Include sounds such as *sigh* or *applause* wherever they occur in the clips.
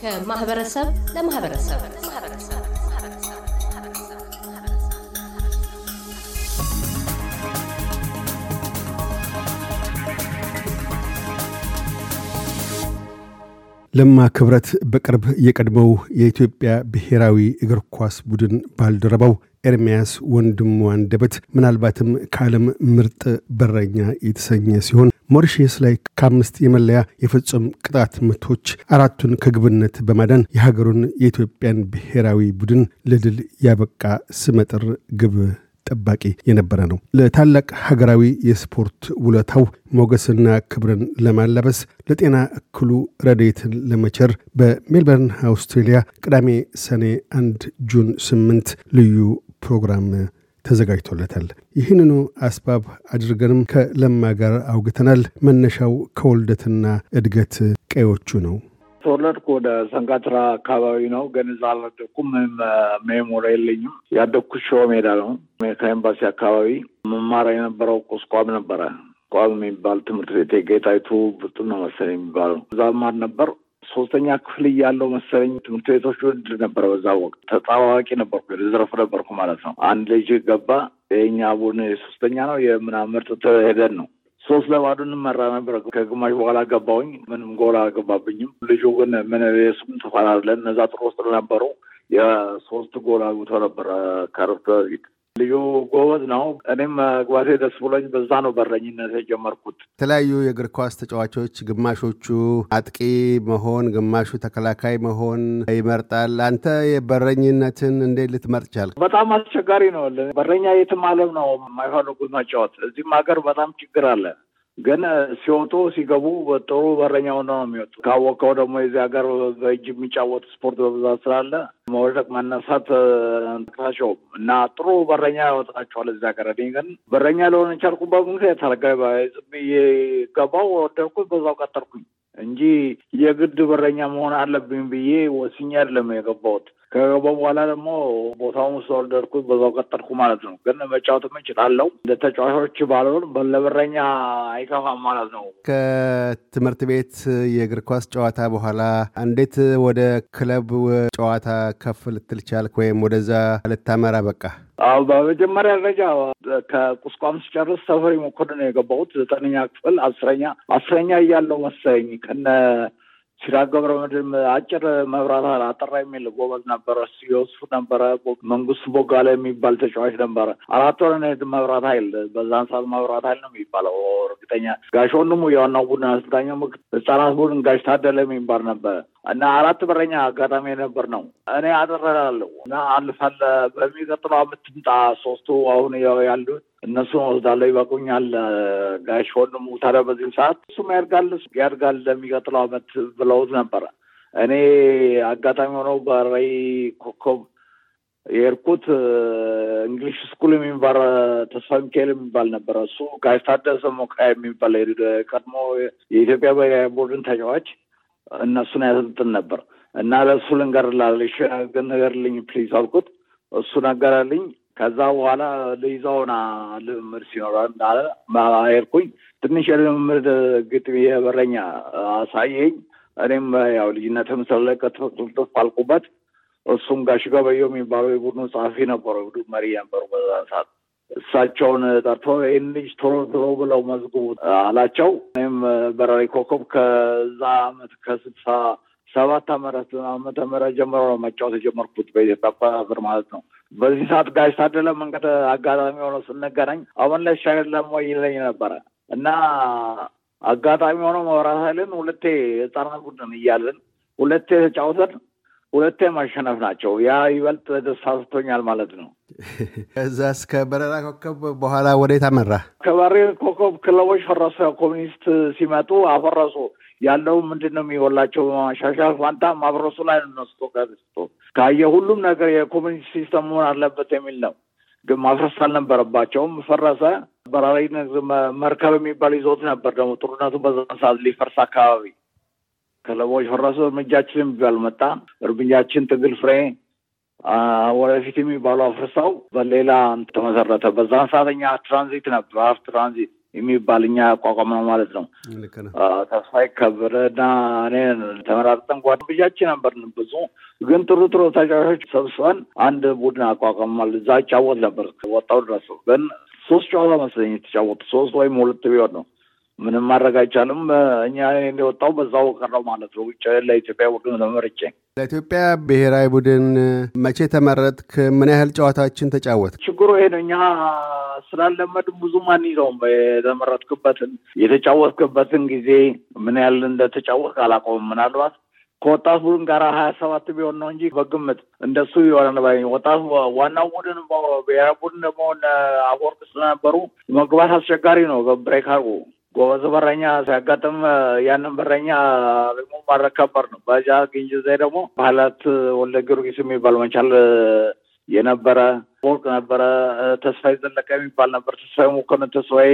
ከማህበረሰብ ለማህበረሰብ ለማ ክብረት በቅርብ የቀድሞው የኢትዮጵያ ብሔራዊ እግር ኳስ ቡድን ባልደረባው ኤርምያስ ወንድሙ አንደበት ምናልባትም ከዓለም ምርጥ በረኛ የተሰኘ ሲሆን ሞሪሽስ ላይ ከአምስት የመለያ የፍጹም ቅጣት ምቶች አራቱን ከግብነት በማዳን የሀገሩን የኢትዮጵያን ብሔራዊ ቡድን ለድል ያበቃ ስመጥር ግብ ጠባቂ የነበረ ነው። ለታላቅ ሀገራዊ የስፖርት ውለታው ሞገስና ክብርን ለማላበስ ለጤና እክሉ ረዴትን ለመቸር በሜልበርን አውስትሬሊያ ቅዳሜ ሰኔ አንድ ጁን ስምንት ልዩ ፕሮግራም ተዘጋጅቶለታል። ይህንኑ አስባብ አድርገንም ከለማ ጋር አውግተናል። መነሻው ከውልደትና እድገት ቀዮቹ ነው። ተወለድኩ ወደ ሰንጋትራ አካባቢ ነው፣ ግን እዛ አላደኩም። ሜሞሪ የለኝም። ያደግኩት ሸዋ ሜዳ ነው፣ አሜሪካ ኤምባሲ አካባቢ። መማር የነበረው ቁስቋም ነበረ። ቋም የሚባል ትምህርት ቤት የጌጣይቱ ነው መሰለኝ የሚባለው እዛ ማር ነበር። ሶስተኛ ክፍል እያለው መሰለኝ ትምህርት ቤቶች ውድድር ነበረ። በዛ ወቅት ተጠባባቂ ነበርኩ፣ ልዝረፍ ነበርኩ ማለት ነው። አንድ ልጅ ገባ። የኛ ቡድን ሶስተኛ ነው የምናምርጥ ሄደን ነው ሶስት ለባዶ እንመራ ነበር። ከግማሽ በኋላ ገባውኝ ምንም ጎል አልገባብኝም። ልጁ ግን ምንቤስም ተፈላለን። እነዛ ጥሩ ውስጥ ነበሩ። የሶስት ጎል አግብቶ ነበረ ከረፍት በፊት ልዩ ጎበዝ ነው። እኔም መግባቴ ደስ ብሎኝ በዛ ነው በረኝነት የጀመርኩት። የተለያዩ የእግር ኳስ ተጫዋቾች ግማሾቹ አጥቂ መሆን፣ ግማሹ ተከላካይ መሆን ይመርጣል። አንተ የበረኝነትን እንዴት ልትመርጥ ቻልክ? በጣም አስቸጋሪ ነው። በረኛ የትም ዓለም ነው የማይፈልጉት መጫወት። እዚህም ሀገር በጣም ችግር አለ። ግን ሲወጡ ሲገቡ ጥሩ በረኛ ነው የሚወጡ። ካወቀው ደግሞ የዚህ ሀገር በእጅ የሚጫወት ስፖርት በብዛት ስላለ መውደቅ መነሳት አቅታቸውም እና ጥሩ በረኛ ያወጣቸዋል እዚህ ሀገር። እኔ ግን በረኛ ለሆነ የቻልኩበት ምክንያት አርጋዝብዬ ገባው ወደድኩኝ፣ በዛው ቀጠርኩኝ እንጂ የግድ በረኛ መሆን አለብኝ ብዬ ወስኜ አይደለም የገባሁት። ከገባ በኋላ ደግሞ ቦታውን ስለወደድኩት በዛው ቀጠልኩ ማለት ነው። ግን መጫወትም እችላለሁ እንደ ተጫዋቾች ባልሆን ለብረኛ አይከፋም ማለት ነው። ከትምህርት ቤት የእግር ኳስ ጨዋታ በኋላ እንዴት ወደ ክለብ ጨዋታ ከፍ ልትል ቻልክ? ወይም ወደዛ ልታመራ በቃ? አዎ በመጀመሪያ ደረጃ ከቁስቋም ስጨርስ ሰፈሪ መኮንን ነው የገባሁት። ዘጠነኛ ክፍል አስረኛ አስረኛ እያለው መሰለኝ ከነ ሲራክ ገብረመድህን አጭር መብራት አጠራ የሚል ጎበዝ ነበረ። ዮስፍ ነበረ። መንግስቱ ቦጋለ የሚባል ተጫዋች ነበረ። አራት ወር መብራት ኃይል በዛን ሰዓት መብራት ኃይል ነው የሚባለው እርግጠኛ ጋሽ ወንድሙ የዋናው ቡድን አሰልጣኝ፣ ህጻናት ቡድን ጋሽ ታደለ የሚባል ነበረ። እና አራት በረኛ አጋጣሚ የነበር ነው። እኔ አደረላለሁ እና አልፋለ በሚቀጥለው የምትምጣ ሶስቱ አሁን ያው ያሉት እነሱን ወስዳለሁ ይበቁኛል። ጋሽ ወንድሙ ታዲያ በዚህ ሰዓት እሱም ያድጋል ያድጋል ለሚቀጥለው አመት ብለውት ነበረ። እኔ አጋጣሚ ሆነው በራይ ኮከብ የሄድኩት እንግሊሽ ስኩል የሚባል ተስፋ ሚካኤል የሚባል ነበረ። እሱ ጋሽ ታደሰ ሞቃ የሚባል ቀድሞ የኢትዮጵያ ብሔራዊ ቡድን ተጫዋች እነሱን ያሰልጥን ነበር እና ለእሱ ልንገርላለሽ ነገርልኝ ፕሊዝ አልኩት። እሱ ነገረልኝ። ከዛ በኋላ ልይዘውና ልምምድ ሲኖረ እንዳለ ሄድኩኝ። ትንሽ የልምምድ ግጥም የበረኛ አሳየኝ። እኔም ያው ልጅነትም ስለለቀ ጥፍጥፍ አልኩበት። እሱም ጋሽ ገበየው የሚባለው የቡድኑ ጸሐፊ ነበሩ፣ መሪ ነበሩ በዛ ሰዓት እሳቸውን ጠርቶ ይህን ልጅ ቶሎ ቶሎ ብለው መዝግቡ አላቸው። እኔም በራሪ ኮከብ ከዛ አመት ከስልሳ ሰባት አመት አመተ ምህረት ጀምሮ ነው መጫወት የጀመርኩት በኢትዮጵያ አቆጣጠር ማለት ነው። በዚህ ሰዓት ጋሽ ታደለ መንገድ አጋጣሚ ሆኖ ስነገረኝ አሁን ላይ ሻይር ለሞ ይለኝ ነበረ እና አጋጣሚ ሆኖ መብራት ሁለቴ ህጻናት ቡድን እያለን ሁለቴ ተጫውተን ሁለቴ ማሸነፍ ናቸው። ያ ይበልጥ ተሳስቶኛል ማለት ነው። *laughs* እዛ እስከ በረራ ኮከብ በኋላ ወዴት አመራ? ከበሪ ኮከብ ክለቦች ፈረሰ። ኮሚኒስት ሲመጡ አፈረሱ። ያለው ምንድን ነው የሚወላቸው በማሻሻል ፋንታ ማፍረሱ ላይ ነስቶ ከስቶ ካየ ሁሉም ነገር የኮሚኒስት ሲስተም መሆን አለበት የሚል ነው። ግን ማፍረስ አልነበረባቸውም። ፈረሰ። በራሪ መርከብ የሚባል ይዞት ነበር። ደግሞ ጥሩነቱ በዛ ሰዓት ሊፈርስ አካባቢ ከለቦች ፈረሱ እርምጃችን የሚባል መጣ። እርምጃችን ትግል ፍሬ ወደፊት የሚባሉ አፍርሰው በሌላ ተመሰረተ። በዛን ሰዓት ትራንዚት ነበር ድራፍት ትራንዚት የሚባል እኛ ያቋቋም ነው ማለት ነው። ተስፋዬ ከበደና እኔ ተመራርጠን ጓደኞቻችን ነበርን። ብዙ ግን ጥሩ ጥሩ ተጫዋቾች ሰብስበን አንድ ቡድን አቋቋማል። እዛ ይጫወት ነበር ወጣው ድረስ ግን ሶስት ጨዋታ መሰለኝ የተጫወቱ ሶስት ወይም ሁለት ቢሆን ነው ምንም ማድረግ አይቻልም። እኛ እንደወጣው በዛው ቀረው ማለት ነው። ውጭ ለኢትዮጵያ ቡድን ተመርጬ ለኢትዮጵያ ብሔራዊ ቡድን መቼ ተመረጥክ? ምን ያህል ጨዋታችን ተጫወት? ችግሩ ይሄ ነው። እኛ ስላለመድም ማን ይዘውም የተመረጥክበትን የተጫወትክበትን ጊዜ ምን ያህል እንደተጫወትክ አላውቀውም። ምናልባት ከወጣት ቡድን ጋር ሀያ ሰባት ቢሆን ነው እንጂ በግምት እንደሱ የሆነ ወጣት ዋናው ቡድን ብሔራዊ ቡድን ደግሞ አቦርቅስ ነበሩ መግባት አስቸጋሪ ነው። ብሬክ አርጉ ጎበዝ በረኛ ሲያጋጥም ያንን በረኛ ደግሞ ማድረግ ከባድ ነው። በዛ ግንጅዜ ደግሞ ባህላት ወልደ ጊዮርጊስ የሚባል መቻል የነበረ ወርቅ ነበረ። ተስፋዬ ዘለቀ የሚባል ነበር። ተስፋዬ መኮንን፣ ተስፋዬ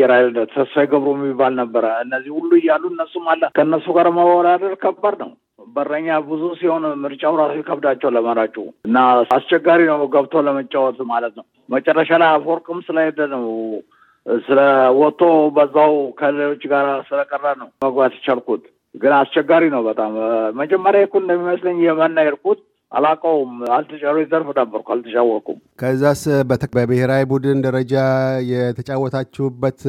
የራይል፣ ተስፋዬ ገብሩ የሚባል ነበረ። እነዚህ ሁሉ እያሉ እነሱም አለ ከእነሱ ጋር መወዳደር ከባድ ነው። በረኛ ብዙ ሲሆን ምርጫው ራሱ ይከብዳቸው ለመራጩ እና አስቸጋሪ ነው ገብቶ ለመጫወት ማለት ነው። መጨረሻ ላይ አፈወርቅም ስለሄደ ነው ስለ ወጥቶ በዛው ከሌሎች ጋር ስለቀረ ነው መግባት የቻልኩት። ግን አስቸጋሪ ነው በጣም መጀመሪያ ይኩን እንደሚመስለኝ የመና የሄድኩት አላቀውም አልተጫወት ዘርፍ ነበርኩ፣ አልተጫወቁም። ከዛስ በብሔራዊ ቡድን ደረጃ የተጫወታችሁበት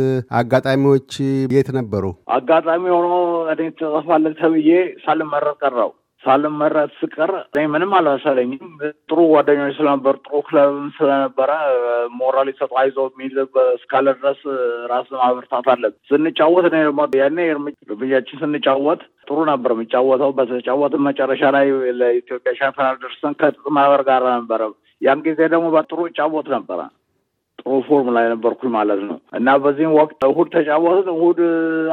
አጋጣሚዎች የት ነበሩ? አጋጣሚ ሆኖ እኔ ትጽፋለህ ተብዬ ሳልመረጥ ቀረው። ሳልመረጥ ስቀር ምንም አልመሰለኝም። ጥሩ ጓደኞች ስለነበር፣ ጥሩ ክለብም ስለነበረ ሞራል ይሰጥ አይዞ የሚል እስካለ ድረስ ራስ ማበርታት አለብን። ስንጫወት እኔ ደግሞ ያኔ እርምጃችን ስንጫወት ጥሩ ነበር የሚጫወተው። በተጫወት መጨረሻ ላይ ለኢትዮጵያ ሻምፒዮና ደርሰን ከጥጥ ማህበር ጋር ነበረ። ያን ጊዜ ደግሞ በጥሩ ይጫወት ነበረ። ጥሩ ፎርም ላይ ነበርኩኝ ማለት ነው። እና በዚህም ወቅት እሁድ ተጫወትን። እሁድ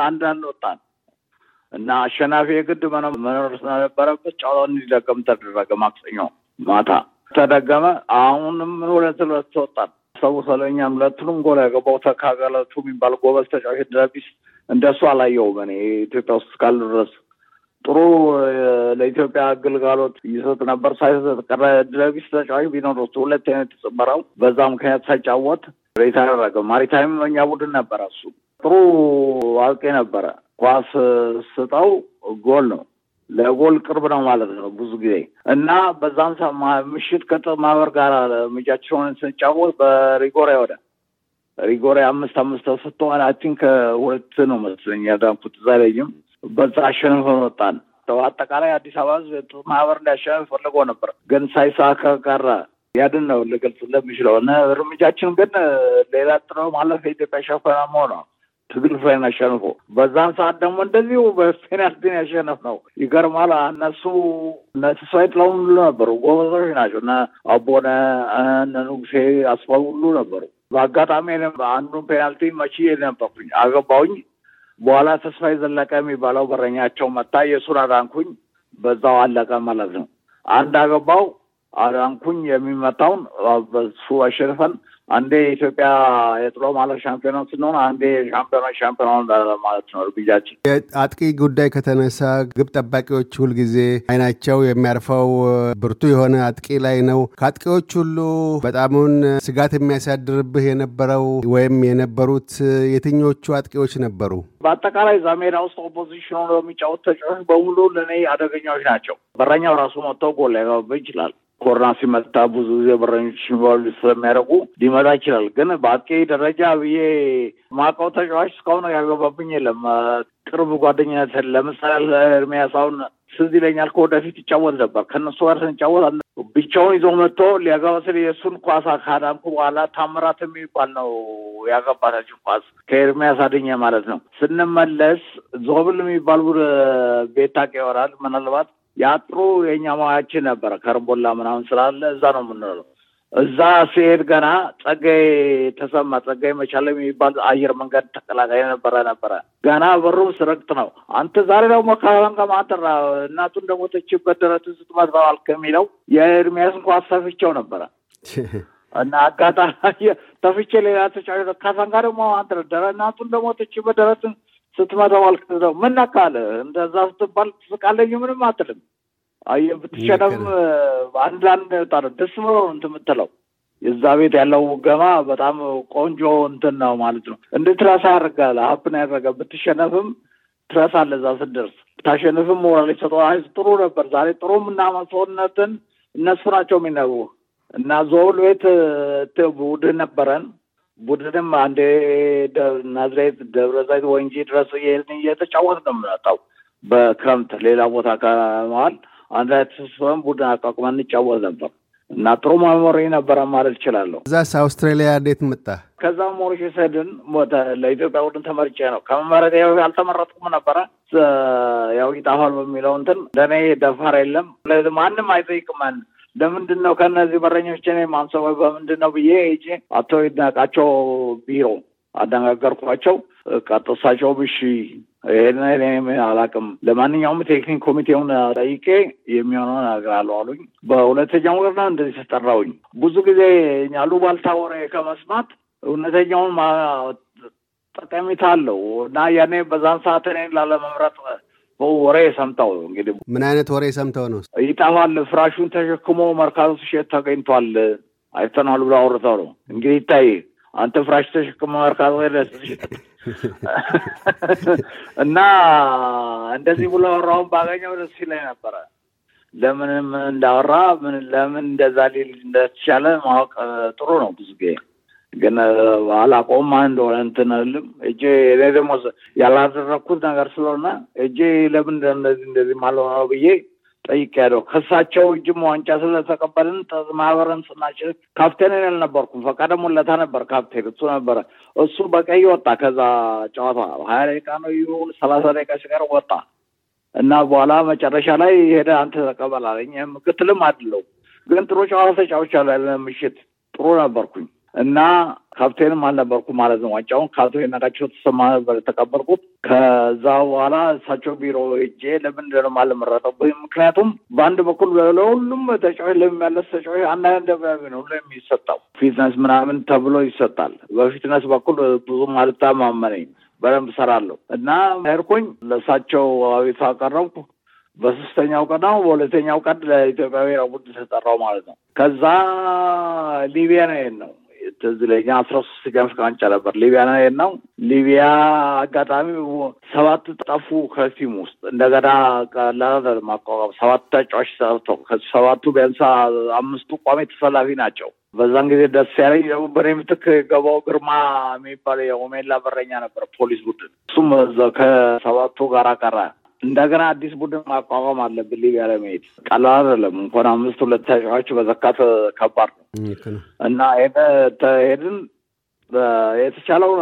አንድ አንድ ወጣን። እና አሸናፊ የግድ መኖር ስለነበረበት ጨዋታው እንዲደገም ተደረገ። ማክሰኞ ማታ ተደገመ። አሁንም ሁለት ሁለት ተወጣል። ሰው ሰለኛም ሁለቱንም ጎል ያገባው ተካገለቱ የሚባል ጎበዝ ተጫዋች ደፊስ እንደሱ አላየውም እኔ ኢትዮጵያ ውስጥ እስካሉ ድረስ ጥሩ ለኢትዮጵያ አገልጋሎት ይሰጥ ነበር። ሳይሰጥ ቀረ። ድረቢስ ተጫዋች ቢኖር ውስጥ ሁለት አይነት ተጽበራው በዛ ምክንያት ሳይጫወት ሬታ ያደረገ ማሪታይም እኛ ቡድን ነበረ። እሱ ጥሩ አልቄ ነበረ። ኳስ ስጠው ጎል ነው። ለጎል ቅርብ ነው ማለት ነው ብዙ ጊዜ እና በዛን ምሽት ከጥማበር ጋር ምጫቸውን ስንጫወት በሪጎሪያ ወደ ሪጎሬ አምስት አምስት ስትሆን አቲን ከሁለት ነው መስለኝ ያዳንኩት እዛ በዛ አሸንፈን ወጣን። አጠቃላይ አዲስ አበባ ህዝብ ማህበር እንዲያሸንፍ ፈልጎ ነበር፣ ግን ሳይሳ ቀረ። ያድን ነው ልገልጽ ለሚችለው እርምጃችን ግን ሌላ ጥሎ ማለፍ የኢትዮጵያ ሸፈና መሆኗ ትግል ትግሪሳይን አሸንፎ በዛን ሰዓት ደግሞ እንደዚሁ በፔናልቲን ያሸንፍ ነው። ይገርማል። እነሱ ተስፋዬ ጥላሁን ሁሉ ነበሩ፣ ጎበዞች ናቸው። እነ አቦነ እነ ንጉሴ አስፋው ሁሉ ነበሩ። በአጋጣሚ አንዱን ፔናልቲ መቺ ነበርኩኝ፣ አገባውኝ። በኋላ ተስፋዬ ዘለቀ የሚባለው በረኛቸው መታ፣ የእሱን አዳንኩኝ። በዛው አለቀ ማለት ነው። አንድ አገባው አዳንኩኝ፣ የሚመታውን በሱ አሸንፈን አንዴ የኢትዮጵያ የጥሎ ማለፍ ሻምፒዮና ስንሆን አንዴ ሻምፒዮና ሻምፒዮናውን ማለት ነው። እርግጃችን የአጥቂ ጉዳይ ከተነሳ ግብ ጠባቂዎች ሁልጊዜ አይናቸው የሚያርፈው ብርቱ የሆነ አጥቂ ላይ ነው። ከአጥቂዎች ሁሉ በጣሙን ስጋት የሚያሳድርብህ የነበረው ወይም የነበሩት የትኞቹ አጥቂዎች ነበሩ? በአጠቃላይ እዛ ሜዳ ውስጥ ኦፖዚሽን የሚጫወት ተጫዋች በሙሉ ለእኔ አደገኛዎች ናቸው። በረኛው ራሱ መጥተው ጎል ሊያገባብህ ይችላል። ኮሮና ሲመጣ ብዙ ጊዜ በረኞች ሚባሉ ስለሚያደርጉ ሊመጣ ይችላል። ግን በአጥቂ ደረጃ ብዬ ማውቀው ተጫዋች እስካሁን ያገባብኝ የለም። ቅርብ ጓደኝነት ለምሳሌ ኤርሚያስ አሁን ትዝ ይለኛል ከወደፊት ይጫወት ነበር። ከነሱ ጋር ስንጫወት ብቻውን ይዞ መጥቶ ሊያገባ ስል የእሱን ኳስ ካዳምኩ በኋላ ታምራት የሚባል ነው ያገባታችን ኳስ ከኤርሚያስ አድኜ ማለት ነው። ስንመለስ ዞብል የሚባል ቤት ታውቅ ይወራል ምናልባት ያጥሩ የኛ ማያችን ነበረ ከረምቦላ ምናምን ስላለ እዛ ነው የምንለው። እዛ ሲሄድ ገና ጸጋይ ተሰማ ጸጋይ መቻለ የሚባል አየር መንገድ ተቀላቃይ ነበረ ነበረ ገና በሩ ስረግጥ ነው አንተ ዛሬ ደግሞ መከራን ከማተራ እናቱ እንደሞተችበት ደረትን ስትመታዋል ከሚለው የኤርሚያስ እንኳ አሳፍቸው ነበረ *laughs* እና አጋጣሚ ተፍቼ ሌላ ተጫ ካሳንጋ ደግሞ አንተ ደረ እናቱ እንደሞተችበት ደረትን ስትመደዋል ክዘው ምን ነካል እንደዛ ስትባል ትስቃለኝ ምንም አትልም። አየ ብትሸለም አንድ ለአንድ ጣለ ደስ ብሎ እንትን የምትለው የዛ ቤት ያለው ገማ በጣም ቆንጆ እንትን ነው ማለት ነው። እንደ ትረሳ ያደርጋል አፕን ያደረገ ብትሸነፍም ትረሳለህ። ለዛ ስደርስ ብታሸንፍም ሞራል ይሰጠዋል። ጥሩ ነበር ዛሬ ጥሩ ምናመሰውነትን እነሱ ናቸው የሚነቡ እና ዞውል ቤት ቡድን ነበረን ቡድንም አንዴ ናዝሬት፣ ደብረ ዘይት፣ ወንጂ ድረስ ይህን እየተጫወት ነው የምንወጣው በክረምት ሌላ ቦታ ከመዋል አንድ ላይ ቡድን አቋቁመን እንጫወት ነበር እና ጥሩ መሞሪ ነበረ ማለት ይችላለሁ እዛስ አውስትራሊያ እንዴት መጣ? ከዛ ሞሪሽ ሰድን ለኢትዮጵያ ቡድን ተመርጬ ነው ከመመረጥ ያልተመረጥኩም ነበረ። ያው ይጣፋል በሚለው እንትን ለእኔ ደፋር የለም ማንም አይጠይቅም ለምንድን ነው ከእነዚህ በረኞች ኔ ማንሰበ በምንድን ነው ብዬ ሄጄ አቶ ይድነቃቸው ቢሮ አነጋገርኳቸው። ቀጥሳቸው ብሺ እሺ ይሄን እኔም አላውቅም፣ ለማንኛውም ቴክኒክ ኮሚቴውን ጠይቄ የሚሆነው እነግርሃለሁ አሉኝ። በሁለተኛው ቀን እንደዚህ ተጠራውኝ። ብዙ ጊዜ ኛሉ ባልታወረ ከመስማት እውነተኛውን ጠቀሜታ አለው እና ያኔ በዛን ሰዓት እኔን ላለመምረጥ ወሬ ሰምተው እንግዲህ ምን አይነት ወሬ ሰምተው ነው? ይጠፋል ፍራሹን ተሸክሞ መርካቶ ሲሸጥ ተገኝቷል አይተናል ብሎ አውርተው ነው እንግዲህ ይታይ አንተ ፍራሽ ተሸክሞ መርካቶ እና እንደዚህ ብሎ አወራውን ባገኘው ደስ ይለኝ ነበረ። ለምንም እንዳወራ ምን ለምን እንደዛ ሊል እንደተቻለ ማወቅ ጥሩ ነው ብዙ ጊዜ ግን አላቆም አንድ ሆነ እንትን እልም እኔ ደግሞ ያላደረግኩት ነገር ስለሆነ እጅ ለምን እንደዚህ እንደዚህ ማለሆነ ብዬ ጠይቅ ያለው ከእሳቸው እጅም ዋንጫ ስለተቀበልን ማህበረን ስናችል ካፕቴን እኔ አልነበርኩም፣ ፈቃደ ሙለታ ነበር ካፕቴን፣ እሱ ነበረ። እሱ በቀይ ወጣ። ከዛ ጨዋታ ሀያ ደቂቃ ነው ይሁን ሰላሳ ደቂቃ ሲቀር ወጣ እና በኋላ መጨረሻ ላይ ሄደ አንተ ተቀበላለኝ ምክትልም አድለው ግን ጥሩ ጨዋታ ተጫውቻለሁ። ምሽት ጥሩ ነበርኩኝ። እና ካፕቴንም አልነበርኩም ማለት ነው። ዋንጫውን ከአቶ የነቃቸው ተሰማ ነበር የተቀበልኩት። ከዛ በኋላ እሳቸው ቢሮ ሄጄ ለምንድን ነው የማልመረጠው? ምክንያቱም በአንድ በኩል ለሁሉም ተጫዋች ለሚመለስ ተጫዋች አንድ አይነት ደብዳቤ ነው የሚሰጠው፣ ፊትነስ ምናምን ተብሎ ይሰጣል። በፊትነስ በኩል ብዙም አልተማመነኝ፣ በደንብ ሰራለሁ እና ሄድኩኝ ለእሳቸው አቤቱታ አቀረብኩ። በሶስተኛው ቀን ነው በሁለተኛው ቀን ለኢትዮጵያ ብሔራዊ ቡድን ተጠራው ማለት ነው። ከዛ ሊቢያ ነው ነው ትዝ ይለኛል አስራ ሶስት ገመት ዋንጫ ነበር ሊቢያ ነው ነው። ሊቢያ አጋጣሚ ሰባት ጠፉ ከቲም ውስጥ እንደገና ቀላል ማቋቋም ሰባት ተጫዋች ሰርቶ ሰባቱ ቢያንስ አምስቱ ቋሚ ተሰላፊ ናቸው። በዛን ጊዜ ደስ ያለኝ ደግሞ በኔ ምትክ ገባው ግርማ የሚባል የሆሜላ በረኛ ነበር ፖሊስ ቡድን እሱም ከሰባቱ ጋር ቀረ። እንደገና አዲስ ቡድን ማቋቋም አለብን። ሊቢያ ለመሄድ ቀላል አይደለም። እንኳን አምስት ሁለት ተጫዋች በዘካት ከባድ ነው እና ተሄድን የተቻለው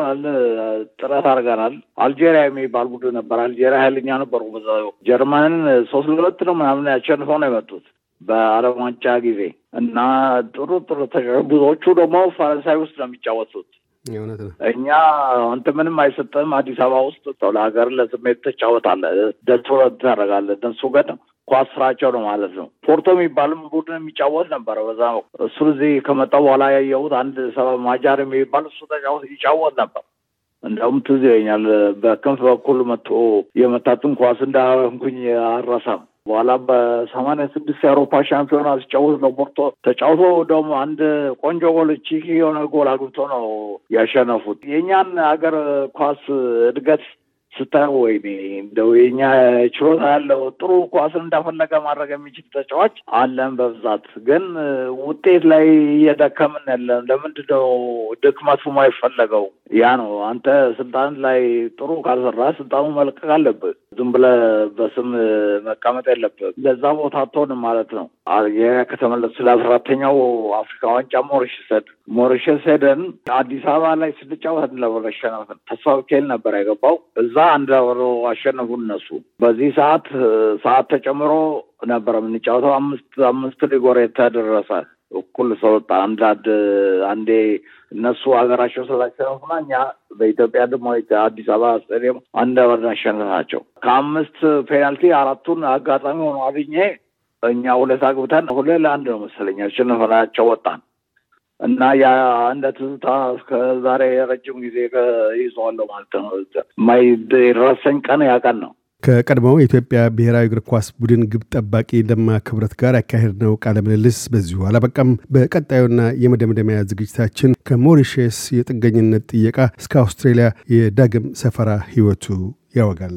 ጥረት አድርገናል። አልጄሪያ የሚባል ቡድን ነበር። አልጄሪያ ኃይለኛ ነበሩ። በዛ ጀርመንን ሶስት ለሁለት ነው ምናምን ያቸንፈው ነው የመጡት በአለም ዋንጫ ጊዜ እና ጥሩ ጥሩ ብዙዎቹ ደግሞ ፈረንሳይ ውስጥ ነው የሚጫወቱት እውነት ነው። እኛ አንተ ምንም አይሰጥም። አዲስ አበባ ውስጥ ሰው ለሀገር ለስሜት ትጫወታለህ፣ ደትረት ታደርጋለህ። እነሱ ግን ኳስ ስራቸው ነው ማለት ነው። ፖርቶ የሚባልም ቡድን የሚጫወት ነበረ በዛ እሱ እዚህ ከመጣ በኋላ ያየሁት አንድ ሰባ ማጃር የሚባል እሱ ተጫወት ይጫወት ነበር። እንደውም ትዝ ይለኛል በክንፍ በኩል መጥቶ የመታትን ኳስ እንዳንኩኝ አረሳም በኋላ በሰማንያ ስድስት የአውሮፓ ሻምፒዮና ሲጫወት ነው ቦርቶ ተጫውቶ ደግሞ አንድ ቆንጆ ጎል ቺኪ የሆነ ጎል አግብቶ ነው ያሸነፉት። የእኛን ሀገር ኳስ እድገት ስታ ወይኔ እንደው የኛ ችሎታ ያለው ጥሩ ኳስን እንዳፈለገ ማድረግ የሚችል ተጫዋች አለን በብዛት ግን ውጤት ላይ እየደከምን ያለን ለምንድነው ድክመቱ ማይፈለገው ያ ነው። አንተ ስልጣን ላይ ጥሩ ካልሰራ ስልጣኑ መልቀቅ አለብህ። ዝም ብለህ በስም መቀመጥ የለብህም። ለዛ ቦታ አትሆንም ማለት ነው። አልጄሪያ ከተመለሱ ለአስራ አራተኛው አፍሪካ ዋንጫ ሞሪሸስ ሄድ ሞሪሸስ ሄደን አዲስ አበባ ላይ ስንጫወት አንድ ለባዶ አሸነፍን። ተስፋ ብኬል ነበር ያገባው። እዛ አንድ ለባዶ አሸነፉ እነሱ። በዚህ ሰዓት ሰዓት ተጨምሮ ነበረ የምንጫወተው አምስት አምስት ሊጎር የተደረሰ እኩል ሰው አንዳንድ አንዴ እነሱ ሀገራቸው ስላሸነፉና እኛ በኢትዮጵያ ደግሞ አዲስ አበባ ስታዲየም አንድ አበር አሸነፍናቸው። ከአምስት ፔናልቲ አራቱን አጋጣሚ ሆኖ አግኘ እኛ ሁለት አግብተን ሁለት ለአንድ ነው መሰለኝ አሸንፈናቸው ወጣን እና ያ እንደ ትዝታ እስከ ዛሬ ረጅም ጊዜ ይዘዋለሁ ማለት ነው። የማይረሰኝ ቀን ያ ቀን ነው። ከቀድሞው የኢትዮጵያ ብሔራዊ እግር ኳስ ቡድን ግብ ጠባቂ ለማ ክብረት ጋር ነው ቃለ ምልልስ በዚሁ አላበቃም። በቀጣዩና የመደምደሚያ ዝግጅታችን ከሞሪሽስ የጥገኝነት ጥየቃ እስከ አውስትሬልያ የዳግም ሰፈራ ህይወቱ ያወጋል።